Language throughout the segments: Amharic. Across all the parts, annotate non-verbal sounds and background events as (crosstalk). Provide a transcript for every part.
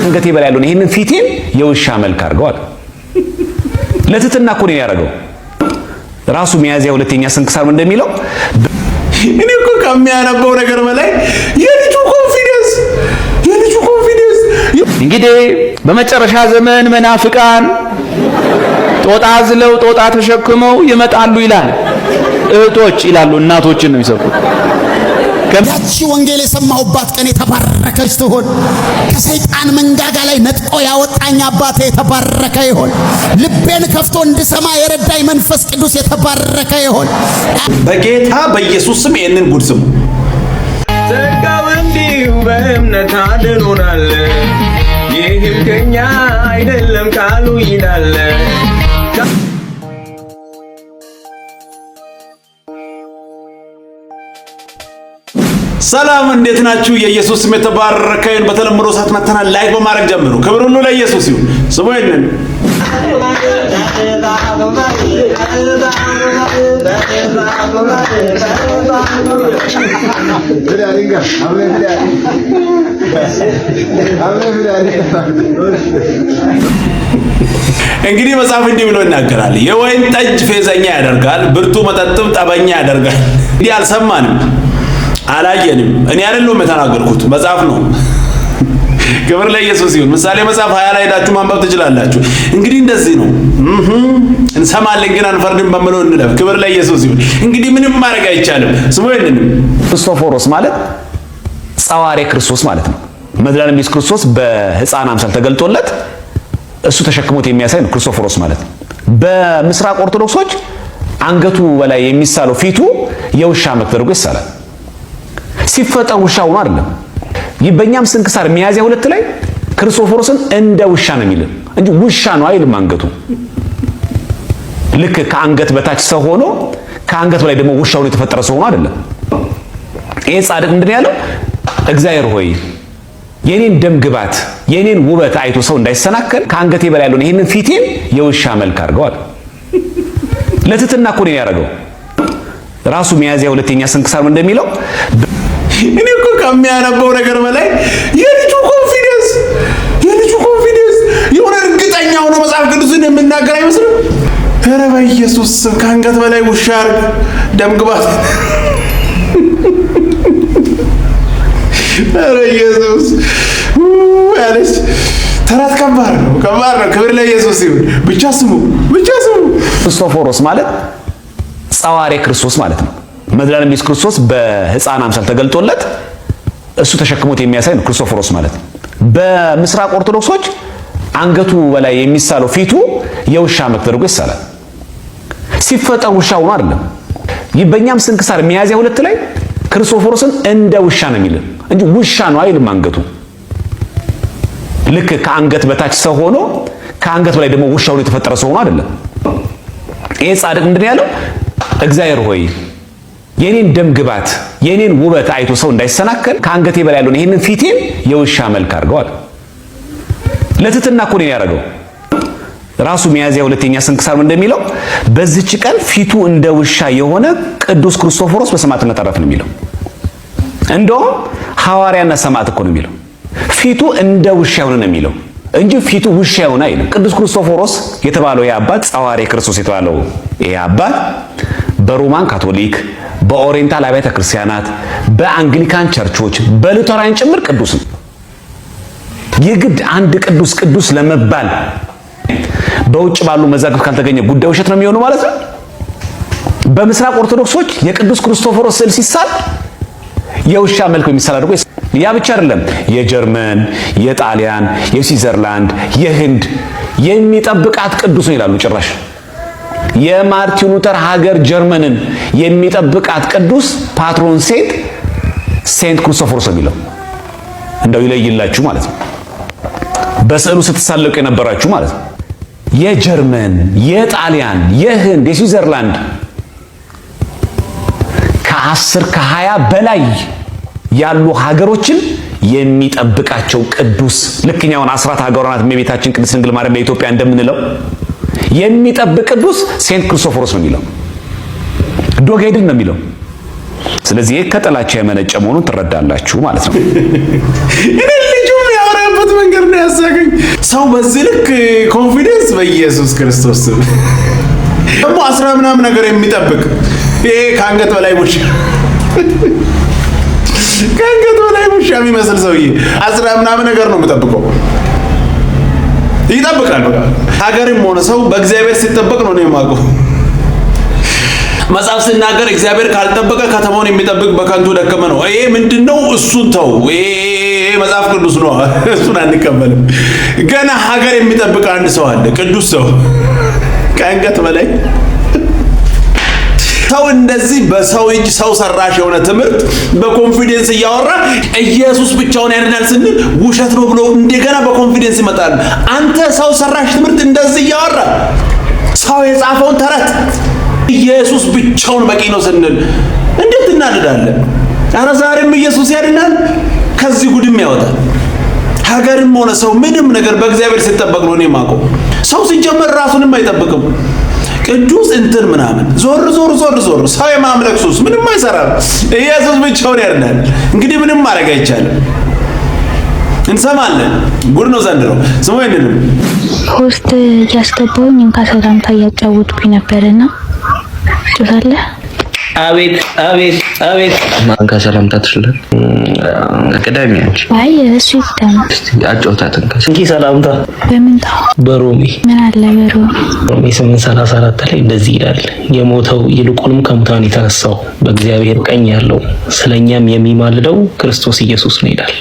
አንገቴ በላይ ያለውን ይህንን ፊቴን የውሻ መልክ አድርገዋል። ለትትና እኮ ነው ያደረገው። ራሱ ሚያዝያ ሁለተኛ ስንክሳር እንደሚለው እኔ እኮ ከሚያነበው ነገር በላይ የልጁ ኮንፊደንስ የልጁ ኮንፊደንስ። እንግዲህ በመጨረሻ ዘመን መናፍቃን ጦጣ ዝለው ጦጣ ተሸክመው ይመጣሉ ይላል። እህቶች ይላሉ። እናቶችን ነው የሚሰብኩት። ያቺ ወንጌል የሰማሁባት ቀን የተባረከች ትሆን። ከሰይጣን መንጋጋ ላይ ነጥቆ ያወጣኝ አባቴ የተባረከ ይሆን። ልቤን ከፍቶ እንድሰማ የረዳኝ መንፈስ ቅዱስ የተባረከ ይሆን። በጌታ በኢየሱስ ስም ይህንን ጉድ ስሙ። ጸጋው እንዲሁ በእምነት አድኖናል። ይህም ከኛ አይደለም ቃሉ ይላል ሰላም እንዴት ናችሁ? የኢየሱስ ስም የተባረከ ይሁን። በተለምዶ ሰዓት መተናል። ላይክ በማድረግ ጀምሩ። ክብር ሁሉ ለኢየሱስ ይሁን። ስሙ ይንን እንግዲህ መጽሐፍ እንዲህ ብሎ ይናገራል። የወይን ጠጅ ፌዘኛ ያደርጋል፣ ብርቱ መጠጥም ጠበኛ ያደርጋል። እንዲህ አልሰማንም አላየንም። እኔ አይደለሁም የተናገርኩት መጽሐፍ ነው። ክብር ለኢየሱስ ይሁን። ምሳሌ መጽሐፍ ሀያ ላይ ሄዳችሁ ማንበብ ትችላላችሁ። እንግዲህ እንደዚህ ነው። እንሰማለን ግን አንፈርድም በምለው እንለፍ። ክብር ለኢየሱስ ይሁን። እንግዲህ ምንም ማድረግ አይቻልም። ስሙ ይንንም ክርስቶፎሮስ ማለት ጸዋሬ ክርስቶስ ማለት ነው። መድኃኒዓለም ኢየሱስ ክርስቶስ በሕፃን አምሳል ተገልጦለት እሱ ተሸክሞት የሚያሳይ ነው። ክርስቶፎሮስ ማለት በምስራቅ ኦርቶዶክሶች አንገቱ በላይ የሚሳለው ፊቱ የውሻ መት ተደርጎ ይሳላል። ሲፈጠር ውሻ ሆኖ አይደለም። በእኛም ስንክሳር ሚያዝያ ሁለት ላይ ክርስቶፎሮስን እንደ ውሻ ነው የሚል እንጂ ውሻ ነው አይልም። አንገቱ ልክ ከአንገት በታች ሰው ሆኖ ከአንገት በላይ ደግሞ ውሻ የተፈጠረ ሰው ሆኖ አይደለም። ይሄ ጻድቅ ምንድን ያለው? እግዚአብሔር ሆይ የኔን ደም ግባት የኔን ውበት አይቶ ሰው እንዳይሰናከል ከአንገቴ በላይ ያለውን ይህንን ፊቴን የውሻ መልክ አድርገዋል። ለትትና እኮ ነው ያደረገው። ራሱ ሚያዝያ ሁለተኛ ስንክሳር እንደሚለው እኔ እኮ ከሚያነበው ነገር በላይ የልጁ ኮንፊደንስ የልጁ ኮንፊደንስ የሆነ እርግጠኛ ሆኖ መጽሐፍ ቅዱስን የምናገር አይመስልም። ኧረ በኢየሱስ ስም ከአንገት በላይ ውሻ አርግ ደምግባት። ኧረ ኢየሱስ ያለች ተረት ከባድ ነው፣ ከባድ ነው። ክብር ለኢየሱስ ይሁን። ብቻ ስሙ፣ ብቻ ስሙ። ክርስቶፎሮስ ማለት ጸዋሬ ክርስቶስ ማለት ነው። መድኃኔዓለም ኢየሱስ ክርስቶስ በሕፃን አምሳል ተገልጦለት እሱ ተሸክሞት የሚያሳይ ነው ክርስቶፎሮስ ማለት። በምስራቅ ኦርቶዶክሶች አንገቱ በላይ የሚሳለው ፊቱ የውሻ መልክ ተደርጎ ይሳላል። ሲፈጠር ውሻ ሆኖ አይደለም። በእኛም ስንክሳር ሚያዝያ ሁለት ላይ ክርስቶፎሮስን እንደ ውሻ ነው የሚልም እንጂ ውሻ ነው አይልም። አንገቱ ልክ ከአንገት በታች ሰው ሆኖ ከአንገት በላይ ደግሞ ውሻ ሆኖ የተፈጠረ ሰው ሆኖ አይደለም። ይህ ጻድቅ ምንድን ያለው? እግዚአብሔር ሆይ የኔን ደም ግባት የኔን ውበት አይቶ ሰው እንዳይሰናከል ከአንገቴ በላይ ያለውን ይህንን ፊቴን የውሻ መልክ አድርገዋል። ለትትና እኮ ነው ያደረገው። ራሱ ሚያዝያ ሁለተኛ ስንክሳር እንደሚለው በዚች ቀን ፊቱ እንደ ውሻ የሆነ ቅዱስ ክርስቶፎሮስ በሰማዕትነት አረፈ ነው የሚለው። እንደውም ሐዋርያና ሰማዕት እኮ ነው የሚለው። ፊቱ እንደ ውሻ የሆነ ነው የሚለው እንጂ ፊቱ ውሻ የሆነ አይልም። ቅዱስ ክርስቶፎሮስ የተባለው ይህ አባት ጸዋሬ ክርስቶስ የተባለው ይህ አባት በሮማን ካቶሊክ በኦሪየንታል አብያተ ክርስቲያናት፣ በአንግሊካን ቸርቾች፣ በሉተራን ጭምር ቅዱስ ነው። የግድ አንድ ቅዱስ ቅዱስ ለመባል በውጭ ባሉ መዛግብት ካልተገኘ ጉዳይ ውሸት ነው የሚሆኑ ማለት ነው። በምስራቅ ኦርቶዶክሶች የቅዱስ ክርስቶፎሮስ ስዕል ሲሳል የውሻ መልክ የሚሳል አድርጎ ያ ብቻ አይደለም። የጀርመን፣ የጣሊያን፣ የስዊዘርላንድ፣ የህንድ የሚጠብቃት ቅዱስ ነው ይላሉ ጭራሽ የማርቲን ሉተር ሀገር ጀርመንን የሚጠብቃት ቅዱስ ፓትሮን ሴንት ሴንት ክርስቶፎርስ የሚለው እንደው ይለይላችሁ ማለት ነው። በስዕሉ ስትሳለቁ የነበራችሁ ማለት ነው። የጀርመን፣ የጣሊያን፣ የህንድ፣ የስዊዘርላንድ ከአስር ከሀያ በላይ ያሉ ሀገሮችን የሚጠብቃቸው ቅዱስ ልክኛውን አስራት ሀገሯናት እመቤታችን ቅድስት ድንግል ማርያም ለኢትዮጵያ እንደምንለው የሚጠብቅ ቅዱስ ሴንት ክርስቶፎሮስ ነው የሚለው ዶጌድን ነው የሚለው። ስለዚህ ይህ ከጥላቻ የመነጨ መሆኑን ትረዳላችሁ ማለት ነው። እኔ ልጁም ያወራበት መንገድ ነው ያሳገኝ። ሰው በዚህ ልክ ኮንፊደንስ በኢየሱስ ክርስቶስ ደግሞ አስራ ምናምን ነገር የሚጠብቅ ይሄ ከአንገት በላይ ውሻ ከአንገት በላይ ውሻ የሚመስል ሰውዬ አስራ ምናምን ነገር ነው የምጠብቀው ይጠብቃል። ሀገርም ሆነ ሰው በእግዚአብሔር ሲጠበቅ ነው ነው የማውቀው። መጽሐፍ ሲናገር እግዚአብሔር ካልጠበቀ ከተማውን የሚጠብቅ በከንቱ ደከመ ነው። ይሄ ምንድነው? እሱን ተው፣ ይሄ መጽሐፍ ቅዱስ ነው፣ እሱን አንቀበልም። ገና ሀገር የሚጠብቅ አንድ ሰው አለ፣ ቅዱስ ሰው ከአንገት በላይ ሰው እንደዚህ በሰው እጅ ሰው ሰራሽ የሆነ ትምህርት በኮንፊደንስ እያወራ ኢየሱስ ብቻውን ያድናል ስንል ውሸት ነው ብሎ እንደገና በኮንፊደንስ ይመጣል። አንተ ሰው ሰራሽ ትምህርት እንደዚህ እያወራ ሰው የጻፈውን ተረት ኢየሱስ ብቻውን በቂ ነው ስንል እንዴት እናድዳለን? አረ ዛሬም ኢየሱስ ያድናል፣ ከዚህ ጉድም ያወጣል። ሀገርም ሆነ ሰው ምንም ነገር በእግዚአብሔር ሲጠበቅ ነው። እኔ ማቆም ሰው ሲጀመር ራሱንም አይጠብቅም። ቅዱስ እንትን ምናምን ዞር ዞር ዞር ዞር ሰው የማምለክ ሱስ ምንም አይሰራም። ኢየሱስ ብቻውን ያድናል። እንግዲህ ምንም ማድረግ አይቻልም። እንሰማለን። ጉድ ነው ዘንድሮ ስሙ ይንንም ሆስት እያስገባውኝ እንካ ሰላምታ እያጫወትኩኝ ነበርና ጭሳለህ አቤት አቤት አቤት። ማን ጋር ሰላምታ ትችላል? ቅዳሜ አንቺ አይ እሱ አጫውታትን እንኪ ሰላምታ ምን አለ ስምንት ሰላሳ አራት ላይ እንደዚህ ይላል የሞተው ይልቁንም ከሙታን የተነሳው በእግዚአብሔር ቀኝ ያለው ስለኛም የሚማልደው ክርስቶስ ኢየሱስ ነው ይላል።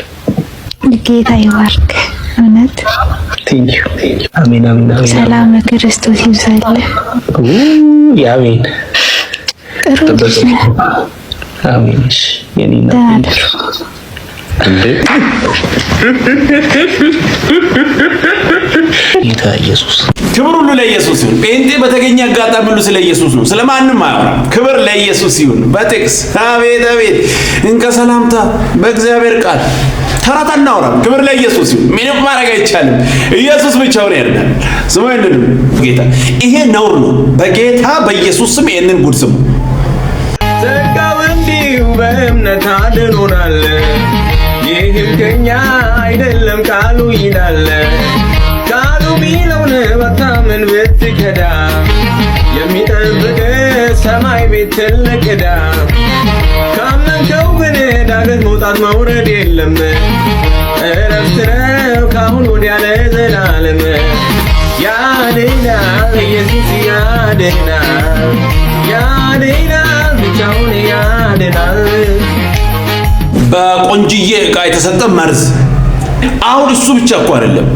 ጌታ ይባርክ። እውነት አሜን አሜን። ሰላም ክርስቶስ ይብዛል። አሜን ጌታ ኢየሱስ ክብር ሁሉ ለኢየሱስ ይሁን። ጴንጤ በተገኘ አጋጣሚ ሁሉ ስለ ኢየሱስ ነው፣ ስለማንም አያወራም። ክብር ለኢየሱስ ይሁን። በጥቅስ አቤት አቤት፣ እንከ ሰላምታ በእግዚአብሔር ቃል ተራት አናወራም። ክብር ለኢየሱስ ይሁን። ምንም ማድረግ አይቻልም። ኢየሱስ ብቻውን ያድናል። ስሙ ጌታ። ይሄ ነውር ነው። በጌታ በኢየሱስ ስም ይህንን ጉድ ስሙ። በእምነት አድኖናል። ይህም ከኛ አይደለም ቃሉ ይላል። ቃሉ ሚለውን ብትከዳ የሚጠብቅ ሰማይ ቤት ትልቅ ዕዳ። ካመንከው ግን መውጣት መውረድ የለም። እረፍት ነው ካሁን ወዲያ ለዘላለም። ያድናል ኢየሱስ ያድናል ያድናል ብቻውን ያድናል። በቆንጅዬ እቃ የተሰጠ መርዝ አሁን እሱ ብቻ እኮ አይደለም።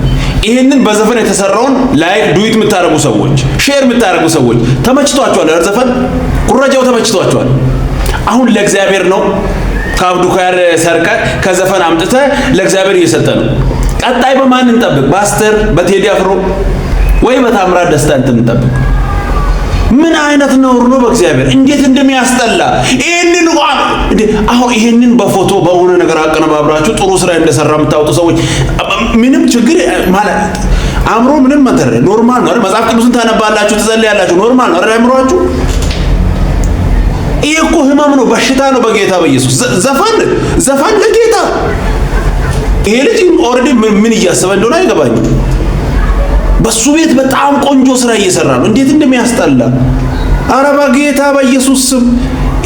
ይህንን በዘፈን የተሰራውን ላይክ ዱዊት የምታደርጉ ሰዎች፣ ሼር የምታደርጉ ሰዎች ተመችቷቸዋል። ኧረ ዘፈን ኩረጃው ተመችቷቸዋል። አሁን ለእግዚአብሔር ነው። ከአብዱ ጋር ሰርቀ ከዘፈን አምጥተ ለእግዚአብሔር እየሰጠ ነው። ቀጣይ በማን እንጠብቅ? በአስተር በቴዲ አፍሮ ወይ በታምራት ደስታ እንጠብቅ? ምን አይነት ነውር ነው? በእግዚአብሔር እንዴት እንደሚያስጠላ ይህንን ቋም አሁን ይህንን በፎቶ በሆነ ነገር አቀነባብራችሁ ጥሩ ስራ እንደሰራ የምታወጡ ሰዎች ምንም ችግር ማለት አእምሮ ምንም መተረ ኖርማል ነው። መጽሐፍ ቅዱስን ታነባላችሁ፣ ትጸልያላችሁ፣ ኖርማል ነው። አእምሯችሁ ይህ እኮ ህመም ነው፣ በሽታ ነው። በጌታ በኢየሱስ ዘፈን ዘፈን ለጌታ ይሄ ልጅ ኦልሬዲ ምን እያሰበ እንደሆነ አይገባኝም። በሱ ቤት በጣም ቆንጆ ስራ እየሰራ ነው። እንዴት እንደሚያስጠላ አረ በጌታ በኢየሱስ ስም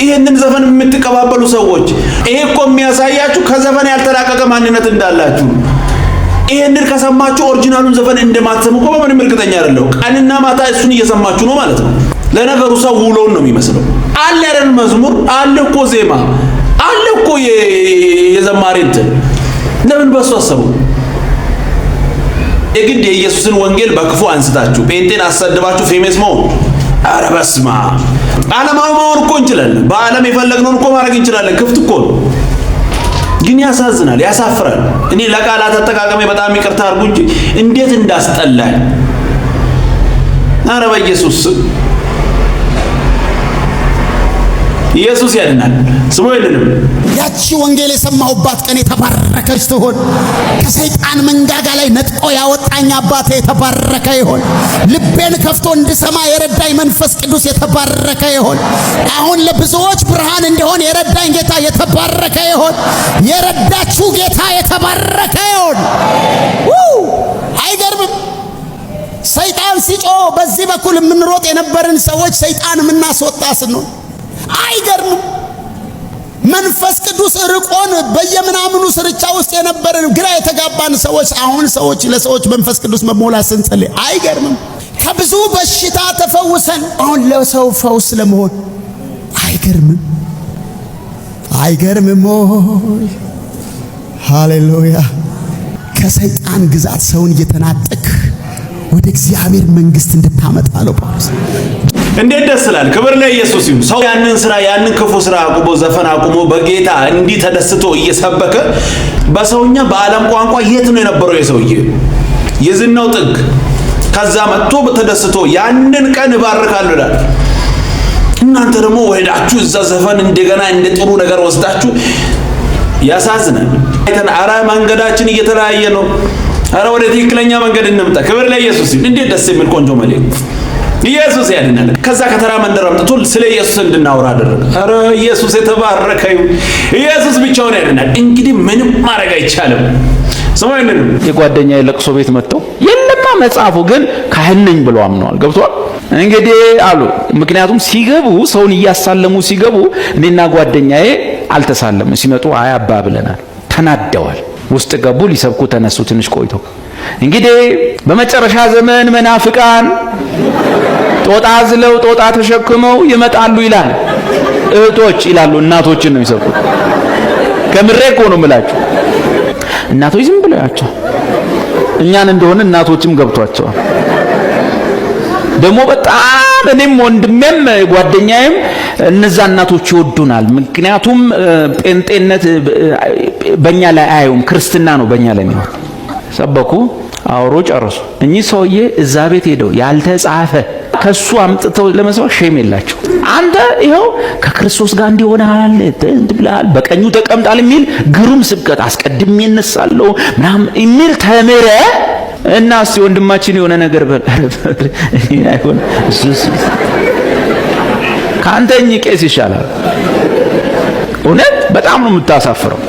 ይህንን ዘፈን የምትቀባበሉ ሰዎች ይሄ እኮ የሚያሳያችሁ ከዘፈን ያልተላቀቀ ማንነት እንዳላችሁ። ይህንን ከሰማችሁ ኦሪጂናሉን ዘፈን እንደማትሰሙ እኮ በምንም እርግጠኛ አይደለሁ። ቀንና ማታ እሱን እየሰማችሁ ነው ማለት ነው። ለነገሩ ሰው ውሎውን ነው የሚመስለው። አለ ያደን መዝሙር አለ እኮ ዜማ አለ እኮ የዘማሪ እንትን ለምን በሱ አሰቡ? የግድ የኢየሱስን ወንጌል በክፉ አንስታችሁ ጴንጤን አሳድባችሁ ፌሜስ መሆን ኧረ በስመ አብ ዓለማዊ መሆን እኮ እንችላለን። በዓለም የፈለግነውን እኮ ማድረግ እንችላለን። ክፍት እኮ ነው። ግን ያሳዝናል፣ ያሳፍራል። እኔ ለቃላት አጠቃቀሜ በጣም ይቅርታ አድርጉ እንጂ እንዴት እንዳስጠላኝ ኧረ በኢየሱስ ኢየሱስ ያድናል፣ ስሙ ይልንም። ያቺ ወንጌል የሰማሁባት ቀን የተባረከች ትሆን። ከሰይጣን መንጋጋ ላይ ነጥቆ ያወጣኝ አባቴ የተባረከ ይሆን። ልቤን ከፍቶ እንድሰማ የረዳኝ መንፈስ ቅዱስ የተባረከ ይሆን። አሁን ለብዙዎች ብርሃን እንዲሆን የረዳኝ ጌታ የተባረከ ይሆን። የረዳችሁ ጌታ የተባረከ ይሆን። አይገርምም? ሰይጣን ሲጮ በዚህ በኩል የምንሮጥ የነበርን ሰዎች ሰይጣን የምናስወጣ ስንሆን አይገርምም? መንፈስ ቅዱስ ርቆን በየምናምኑ ስርቻ ውስጥ የነበረን ግራ የተጋባን ሰዎች አሁን ሰዎች ለሰዎች መንፈስ ቅዱስ መሞላት ስንጸልይ አይገርምም? ከብዙ በሽታ ተፈውሰን አሁን ለሰው ፈውስ ለመሆን አይገርምም? አይገርምም? ሆይ ሃሌሉያ! ከሰይጣን ግዛት ሰውን እየተናጠቅ ወደ እግዚአብሔር መንግስት እንድታመጣ አለው ጳውሎስ። እንዴት ደስ ይላል! ክብር ለኢየሱስ ይሁን። ሰው ያንን ስራ ያንን ክፉ ስራ አቁሞ ዘፈን አቁሞ በጌታ እንዲህ ተደስቶ እየሰበከ በሰውኛ በዓለም ቋንቋ የት ነው የነበረው የሰውዬ የዝናው ጥግ? ከዛ መጥቶ ተደስቶ ያንን ቀን እባርካለሁ ይላል። እናንተ ደግሞ ወሄዳችሁ እዛ ዘፈን እንደገና እንደ ጥሩ ነገር ወስዳችሁ ያሳዝናል። አይተን አረ መንገዳችን እየተለያየ ነው። አረ ወደ ትክክለኛ መንገድ እንምጣ። ክብር ለኢየሱስ ይሁን። እንዴት ደስ የሚል ቆንጆ መልእክት ኢየሱስ ያድናል። ከዛ ከተራ መንደር አምጥቶ ስለ ኢየሱስ እንድናወራ አደረገ። ኧረ ኢየሱስ የተባረከ ይሁን። ኢየሱስ ብቻውን ያድናል። እንግዲህ ምንም ማድረግ አይቻልም። ሰማይነን የጓደኛ የለቅሶ ቤት መጥተው የለማ መጽሐፉ ግን ካህን ነኝ ብለው አምነዋል። ገብቷል እንግዲህ አሉ። ምክንያቱም ሲገቡ ሰውን እያሳለሙ ሲገቡ እኔና ጓደኛዬ አልተሳለምን። ሲመጡ አይ አባ ብለናል። ተናደዋል። ውስጥ ገቡ፣ ሊሰብኩ ተነሱ። ትንሽ ቆይቶ እንግዲህ በመጨረሻ ዘመን መናፍቃን ጦጣ አዝለው ጦጣ ተሸክመው ይመጣሉ ይላል። እህቶች ይላሉ፣ እናቶችን ነው የሚሰብኩት። ከምሬ እኮ ነው የምላችሁ። እናቶች ዝም ብለያቸው እኛን እንደሆነ እናቶችም ገብቷቸዋል። ደግሞ በጣም እኔም ወንድሜም ጓደኛዬም እነዛ እናቶች ይወዱናል። ምክንያቱም ጴንጤነት በእኛ ላይ አያዩም፣ ክርስትና ነው በእኛ ላይ የሚሆን። ሰበኩ፣ አውሮ ጨርሱ። እኚህ ሰውዬ እዛ ቤት ሄደው ያልተጻፈ ከሱ አምጥተው ለመስበክ ሼም የላቸው። አንተ ይኸው ከክርስቶስ ጋር እንዲሆናል ብላል በቀኙ ተቀምጣል የሚል ግሩም ስብከት አስቀድሜ እነሳለሁ ምናምን የሚል ተምረ እና እስቲ ወንድማችን የሆነ ነገር በል። አይሆን ቄስ ይሻላል። እውነት በጣም ነው የምታሳፍረው።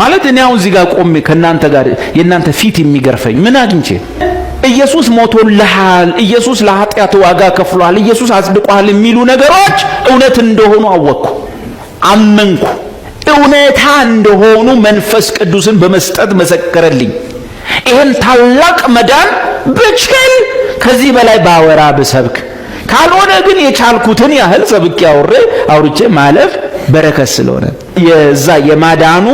ማለት እኔ አሁን እዚህ ጋር ቆሜ ከእናንተ ጋር የእናንተ ፊት የሚገርፈኝ ምን አግኝቼ ኢየሱስ ሞቶልሃል፣ ኢየሱስ ለኃጢአት ዋጋ ከፍሏል፣ ኢየሱስ አጽድቋል የሚሉ ነገሮች እውነት እንደሆኑ አወቅኩ፣ አመንኩ። እውነታ እንደሆኑ መንፈስ ቅዱስን በመስጠት መሰከረልኝ። ይህን ታላቅ መዳን ብችል ከዚህ በላይ ባወራ ብሰብክ፣ ካልሆነ ግን የቻልኩትን ያህል ሰብኬ አውሬ አውርቼ ማለፍ በረከት ስለሆነ የዛ የማዳኑ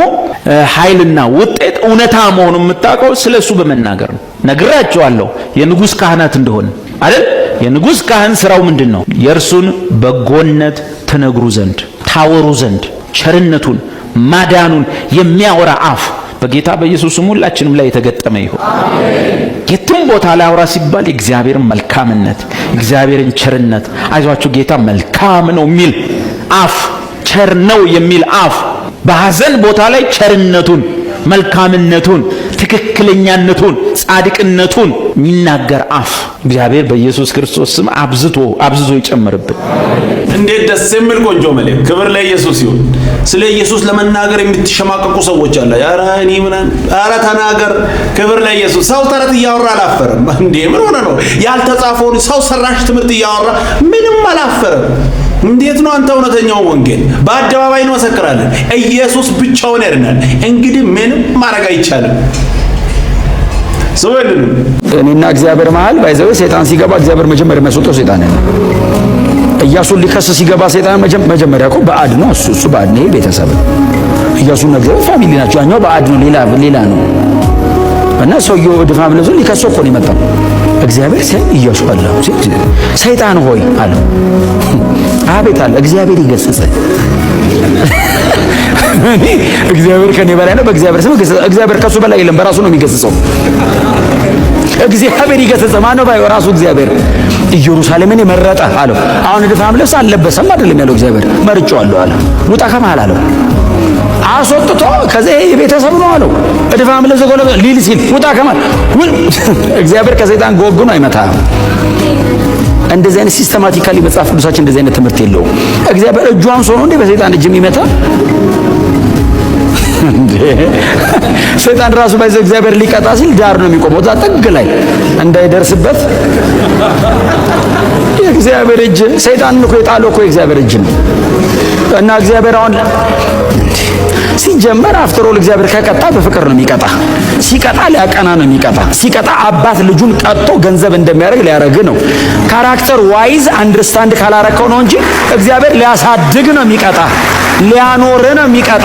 ኃይልና ውጤት እውነታ መሆኑ የምታውቀው ስለ እሱ በመናገር ነው። ነግራቸዋለሁ የንጉሥ ካህናት እንደሆነ አይደል? የንጉሥ ካህን ስራው ምንድን ነው? የእርሱን በጎነት ትነግሩ ዘንድ ታወሩ ዘንድ ቸርነቱን ማዳኑን የሚያወራ አፍ በጌታ በኢየሱስ ስም ሁላችንም ላይ የተገጠመ ይሁን። የትም ቦታ ላይ አውራ ሲባል የእግዚአብሔርን መልካምነት፣ እግዚአብሔርን ቸርነት አይዟችሁ ጌታ መልካም ነው የሚል አፍ፣ ቸር ነው የሚል አፍ በሐዘን ቦታ ላይ ቸርነቱን፣ መልካምነቱን፣ ትክክለኛነቱን፣ ጻድቅነቱን የሚናገር አፍ እግዚአብሔር በኢየሱስ ክርስቶስ ስም አብዝቶ አብዝቶ ይጨምርብን። እንዴት ደስ የሚል ቆንጆ መልእክት! ክብር ለኢየሱስ ይሁን። ስለ ኢየሱስ ለመናገር የምትሸማቀቁ ሰዎች አለ። ኧረ እኔ ምን ኧረ ተናገር። ክብር ለኢየሱስ። ሰው ተረት እያወራ አላፈረም እንዴ? ምን ሆነ ነው? ያልተጻፈውን ሰው ሰራሽ ትምህርት እያወራ ምንም አላፈረም። እንዴት ነው አንተ? እውነተኛው ወንጌል በአደባባይ እንመሰክራለን። ኢየሱስ ብቻውን ያድናል። እንግዲህ ምንም ማድረግ አይቻልም። ሰው እኔና እግዚአብሔር መሃል ባይዘው ሰይጣን ሲገባ እግዚአብሔር መጀመሪያ የሚያስወጣው ሰይጣን ነው። ኢያሱን ሊከስ ሲገባ ሰይጣን መጀመሪያ እኮ በአድ ነው። እሱ እሱ በአድ ነው። ቤተሰብ ኢያሱና እግዚአብሔር ፋሚሊ ናቸው። ያኛው በአድ ነው፣ ሌላ ሌላ ነው። እና ሰውየው ድፋም ለብሶ ሊከሰው እኮ ነው የመጣው። እግዚአብሔር ሳይ ኢያሱ አለ ሰይጣን ሆይ አለ። አቤት አለ እግዚአብሔር ይገስጽ እግዚአብሔር ከኔ በላይ ነው። በእግዚአብሔር ስም እግዚአብሔር ከሱ በላይ የለም። በራሱ ነው የሚገስጸው። እግዚአብሔር ይገሰጸ ማን ነው ባይሆን ራሱ እግዚአብሔር ኢየሩሳሌምን የመረጠ አለው። አሁን ድፋም ልብስ አለበሰም አይደለም ያለው እግዚአብሔር መርጬዋለሁ አለ። ውጣ ከመሃል አለው አስወጥቶ ከዚህ የቤተሰብ ነው አለው። እድፋም ለዘጎለ ሊል ሲል ውጣ ከመሃል (laughs) እግዚአብሔር ከሰይጣን ጎግኖ አይመታም። እንደዚህ አይነት ሲስተማቲካሊ መጽሐፍ ቅዱሳችን እንደዚህ አይነት ትምህርት የለውም። እግዚአብሔር እጇን አንሶ ነው እንዴ በሰይጣን እጅ የሚመታ? ሰይጣን ራሱ ባይዘ እግዚአብሔር ሊቀጣ ሲል ዳር ነው የሚቆመው፣ እዛ ጥግ ላይ እንዳይደርስበት የእግዚአብሔር እጅ። ሰይጣን እኮ የጣለው እኮ የእግዚአብሔር እጅ ነው። እና እግዚአብሔር አሁን ሲጀመር አፍትሮ እግዚአብሔር ከቀጣ በፍቅር ነው የሚቀጣ። ሲቀጣ ሊያቀና ነው የሚቀጣ። ሲቀጣ አባት ልጁን ቀጥቶ ገንዘብ እንደሚያደርግ ሊያረግ ነው። ካራክተር ዋይዝ አንደርስታንድ ካላረከው ነው እንጂ እግዚአብሔር ሊያሳድግ ነው የሚቀጣ። ሊያኖር ነው የሚቀጣ።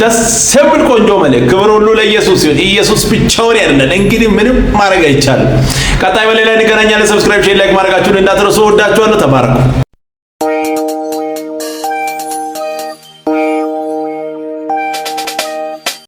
ደስ የሚል ቆንጆ መልእክት። ክብር ሁሉ ለኢየሱስ ይሁን። ኢየሱስ ብቻውን ያድናል። እንግዲህ ምንም ማድረግ አይቻልም። ቀጣይ በሌላ እንገናኛለን። ሰብስክራይብ፣ ሼር፣ ላይክ ማድረጋችሁን እንዳትረሱ። ወዳችኋለሁ። ተባረኩ።